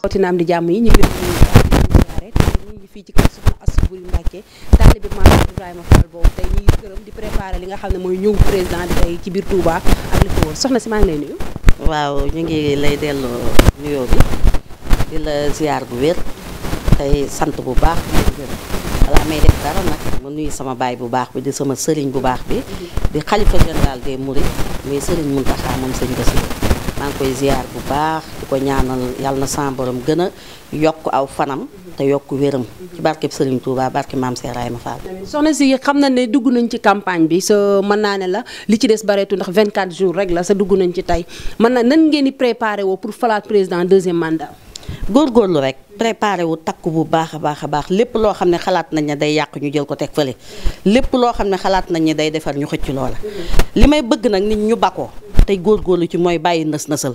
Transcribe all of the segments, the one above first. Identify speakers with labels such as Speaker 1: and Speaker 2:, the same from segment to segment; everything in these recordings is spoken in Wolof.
Speaker 1: xootinaam di jàmm yi ñu ngi fii ci kër Soxna Astou Boury Mbacké taalibe Maam di préparer li xam ne mooy ñëw président bi ci biir Touba ak li ko wër soxna si maa ngi lay nuyu.
Speaker 2: waaw ñu ngi lay delloo nuyoo bi di la ziar bu wér tey sant bu baax may def dara sama baay bu baax bi di sama sëriñ bu baax bi di xalifa général des Mourides muy sëriñ Mountakha moom sëñ Bassirou maa ngi koy ziar bu baax. ko ñaanal yàlla na sama borom gën a yokk aw fanam te yokk wéram ci barkeb Serigne Touba barke maam Seeraay ma Fall.
Speaker 1: soxna si xam na ne dugg nañ ci campagne bi sa mën naa ne la li ci des bareetu ndax vingt 24 jours rek la sa dugg nañ ci tey mën na nan ngeen di préparé woo pour falaat président deuxième
Speaker 2: mandat. góorlu rek préparé wu takk bu baax a baax a baax lépp loo xam ne xalaat nañ ne day yàq ñu jël ko teg fële lépp loo xam ne xalaat nañ ne day defar ñu xëcc loola li may bëgg nag nit ñu bakoo tey góorgóorlu ci mooy bàyyi nës-nësal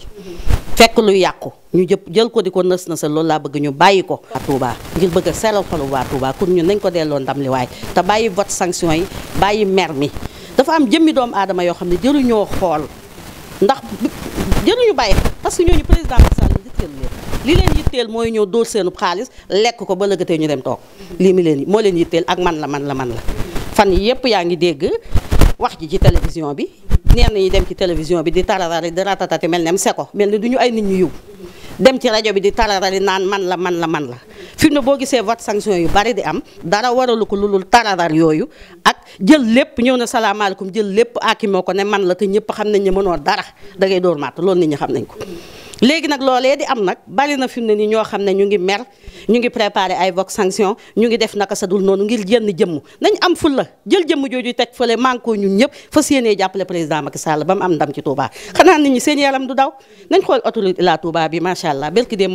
Speaker 2: fekk lu yàqu ñu jëpp jël ko di ko nës na sa loolu laa bëgg ñu bàyyi ko waa Touba ngir bëgg a seeral xolu waa Touba kon ñun nañ ko delloo ndam li waay te bàyyi vote sanction yi bàyyi mer mi dafa am jëmmi doomu aadama yoo xam ne jëruñoo xool ndax jëruñu bàyyi parce que ñooñu président Macky li leen yitteel mooy ñëw dóor seenu xaalis lekk ko ba lëggatee ñu dem toog lii mi leen moo leen yitteel ak man la man la man la fan yëpp yaa ngi dégg wax ji ci télévision bi ñenn ñi dem ci télévision bi di tararari di ratatati mel ne mu seko mel ni du ñu ay nit ñu yiw dem ci rajo bi di tararari naan man la man la man la fi mu ne boo gisee vote sanction yu bari di am dara waralu ko lu lul tararar yooyu ak jël lépp ñëw na salaamaaleykum jël lépp akimoo ko ne man la te ñëpp xam nañ ne mënoo dara da ngay dóor matt loolu nit ñi xam nañ ko léegi nag loolee di am nag bari na fi mu ne nii ñoo xam ne ñu ngi mer ñu ngi préparé ay vox sanction ñu ngi def naka sa dul noonu ngir jënn jëmm nañ am ful la jël jëmm jooju teg fële manko ñun ñëpp fas yéenee jàppale président Macky Sall ba mu am ndam ci Touba xanaa nit ñi seen yaram du daw nañ xool autorité la Touba bi macha allah belki dee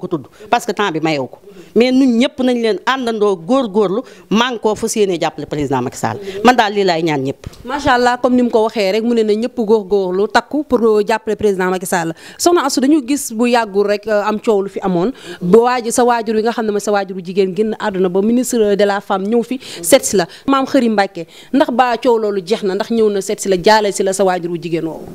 Speaker 2: ko tudd parce que temps bi mayewu ko mais ñëpp nañ leen àndandoo góor góorgóorlu manko fas yéenee jàppale président Macky Sall man daal lii laay ñaan ñëpp macha allah comme ni mu ko
Speaker 1: waxee rek mu ne na ñëpp góorgóorlu takku pour jàppale président Macky Sall soxna Asu dañu gis bu yàggul rek euh, am coow lu fi amoon ba waaj sa waajur yi nga xam ne ma sa waajuru jigéen génn àdduna ba ministre de la femme ñëw fi set si la maam Xëri Mbàkke ndax ba coow loolu jeex na ndax ñëw na seet si la
Speaker 2: jaale si la sa waajuru jigéen woowu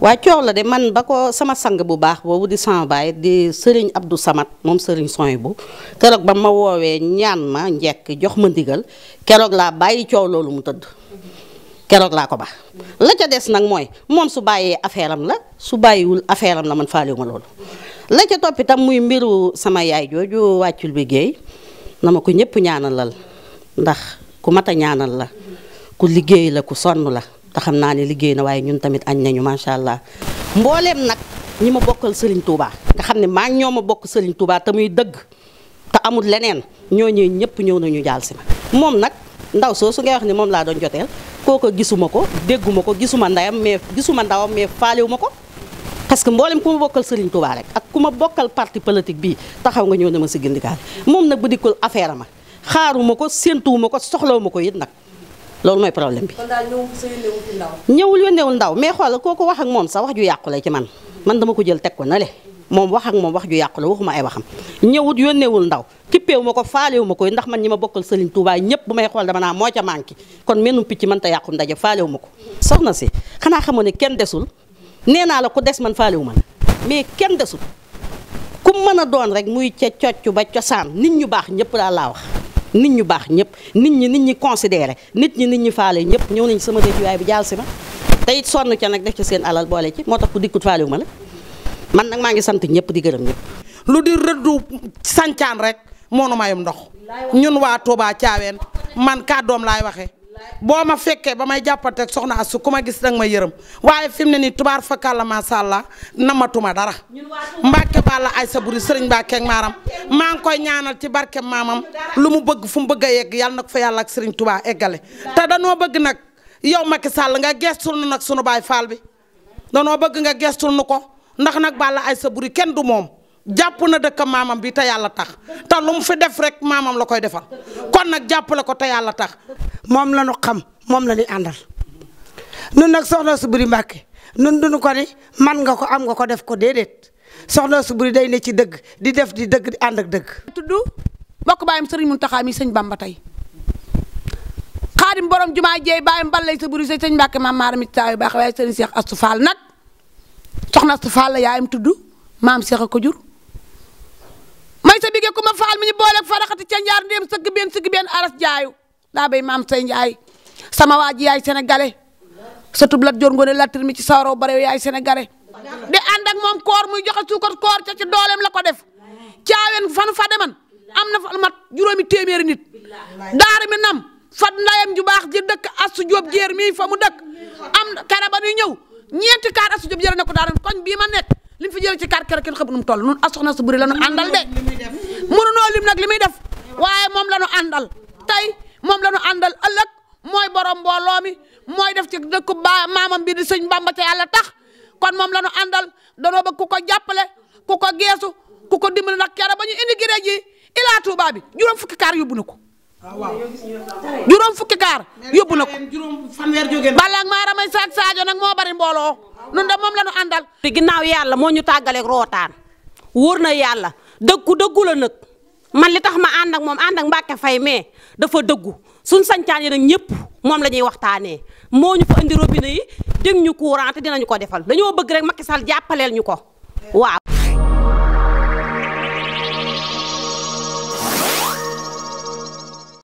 Speaker 2: waa coow la de man ba ko sama sang bu baax boobu di sama baay di sëriñ Abdou samat moom sëriñ soy bu keroog ba ma woowee ñaan ma njekk jox ma ndigal keroog laa bàyyi coow loolu mu tëdd keroog laa ko ba la ca des nag mooy moom su bàyyee affaire am la su bàyyiwul affaire am la man faale ma loolu la ca toppitam muy mbiru sama yaay jooju wàccul bi na ma ko ñëpp ñaanalal ndax ku mat a ñaanal la ku liggéey la ku sonn la te xam naa ne liggéey na waaye ñun tamit añ nañu macha allah mbooleem nag ñi ma bokkal Serigne Touba nga xam ne maa ñoo ma bokk Serigne Touba te muy dëgg te amul leneen ñoo ñooñu ñëpp ñëw nañu jaal si ma moom nag. ndaw soo su ngay wax ni moom laa doon joteel kooku gisuma ko dégguma ko gisuma ndeyam mais gisuma ndawam mais faalewuma ko parce que mboolem ku ma bokkal Serigne Touba rek ak ku ma bokkal parti politique bii taxaw nga ñëw ne ma si gindikaal moom nag bu dikkul affaire ma xaaruma ko séentuwuma ko soxlawuma ko it nag loolu mooy problème bi. kon daal ñëwul yónneewul ndaw mais xoolal kooku wax ak moom sax wax ju yàqu la ci man man dama ko jël teg ko na le moom wax ak moom wax ju yàqu la waxuma ay waxam ñëwut yónneewul ndaw kippeewu ma ko faalewu ma koy ndax man ñi ma bokkal Serigne tuubaay ñëpp bu may xool dama naa moo ca manqué kon menum picc mën ta yàqum ndaje faalewu ma ko soxna si xanaa xamoon ne kenn desul nee naa la ku des man faalewu ma mais kenn desul ku mën a doon rek muy ca cocc ba cosaan nit ñu baax ñëpp daal laa wax nit ñu baax ñëpp nit ñi nit ñi considéré nit ñi nit ñi faale ñëpp ñëw nañ sama dëkk waay bi jaal si ma tey sonn ca nag def ci seen alal boole ci moo tax ku dikkut faalewu ma la man nag maa ngi sant ñëpp di gërëm ñëpp. lu di rëddu sancaan rek moo moonu mayum ndox ñun waa
Speaker 3: Touba Thiawéne man doom laay waxee boo ma fekkee ba may jàppanteeg soxna Astou ku ma gis danga ma yërëm waaye fi ne nii tubaar fakalla macha allah namatuma dara. Mbacke Balla ay sa buri sëriñ Mbacke maaram maa ngi koy ñaanal ci barke maamam lu mu bëgg fu mu bëgg yegg yàlla na ko fa yàlla ak sëriñ Touba eggale te danoo bëgg nag yow Macky sàll nga gestul nu nag sunu baay faal bi danoo bëgg nga gestul nu ko. ndax nag ay sa buri kenn du moom jàpp na dëkk maamam bi te yàlla tax te lu fi def rek maamam la koy defal kon nag jàppale ko te yàlla tax. moom la ñu xam moom la ñu àndal nun nag soxna su Boury Mbacke nun duñu ko ni man nga ko am nga ko def ko déedéet soxna su Boury day ne ci dëgg di def di dëgg di ànd ak dëgg. tudd mbokk baayam sëriñ Mountakha mi sëñ Bamba tey xaadim borom jumaa jeey baayam Balla Aïssa Boury sëñ Mbacke maam maaram it baax waaye sëriñ Cheikh Astou nag. soxna Asta Fall la yaayam tudd maam Cheikh a ko jur may sa bige ku ma faal mi ñu booleeg faraxati ca njaar ndéem sëgg benn sëgg benn aras jaayu daa bay maam say sama waa ji yaay sénégalais sa lat joor ngoone lattir mi ci sawaroo bare yaay sénégalais di ànd moom koor muy joxe suukar koor ca ci la ko def caawen fan fa deman am na fa mat juróomi téeméeri nit daara mi nam fat ndayam ju baax ji dëkk asu jóob jéer mii fa mu dëkk am kara ba ñuy ñëw ñeenti kaar asu jub jëlee na ko daara koñ bii ma nekk li mu fi jëlee ci kaar keroog kenn xamul nu mu toll nun asoxna su bëri la nu àndal de mënunoo lim nag li muy def waaye moom la nu àndal tey moom la nu àndal ëllëg mooy borom mbooloo mi mooy def ci dëkku ba maamam bi di sëñ Bamba te tax kon moom la nu àndal danoo bëgg ku ko jàppale ku ko geesu ku ko dimbali nag keroog ba ñu indi giré ji ilaa Touba bi juróom fukki kaar yóbbu na ko
Speaker 1: Ah, juróom
Speaker 3: fukki kaar yóbbu na ko balaa maa ramay saak
Speaker 1: Sadio nag moo bari mbooloo nun de moom la ñu àndal ginnaaw yàlla moo ñu tàggaleeg rootaan wóor na yàlla dëggu dëggu la nag man li tax ma ànd ak moom ànd ak Mbacke fay mais dafa dëggu suñ sancaan yi nag ñëpp moom la ñuy waxtaanee moo ñu fa indi robinet yi dégg ñu courant te dinañu ko defal dañoo bëgg rek Macky Sall jàppaleel ñu ko waaw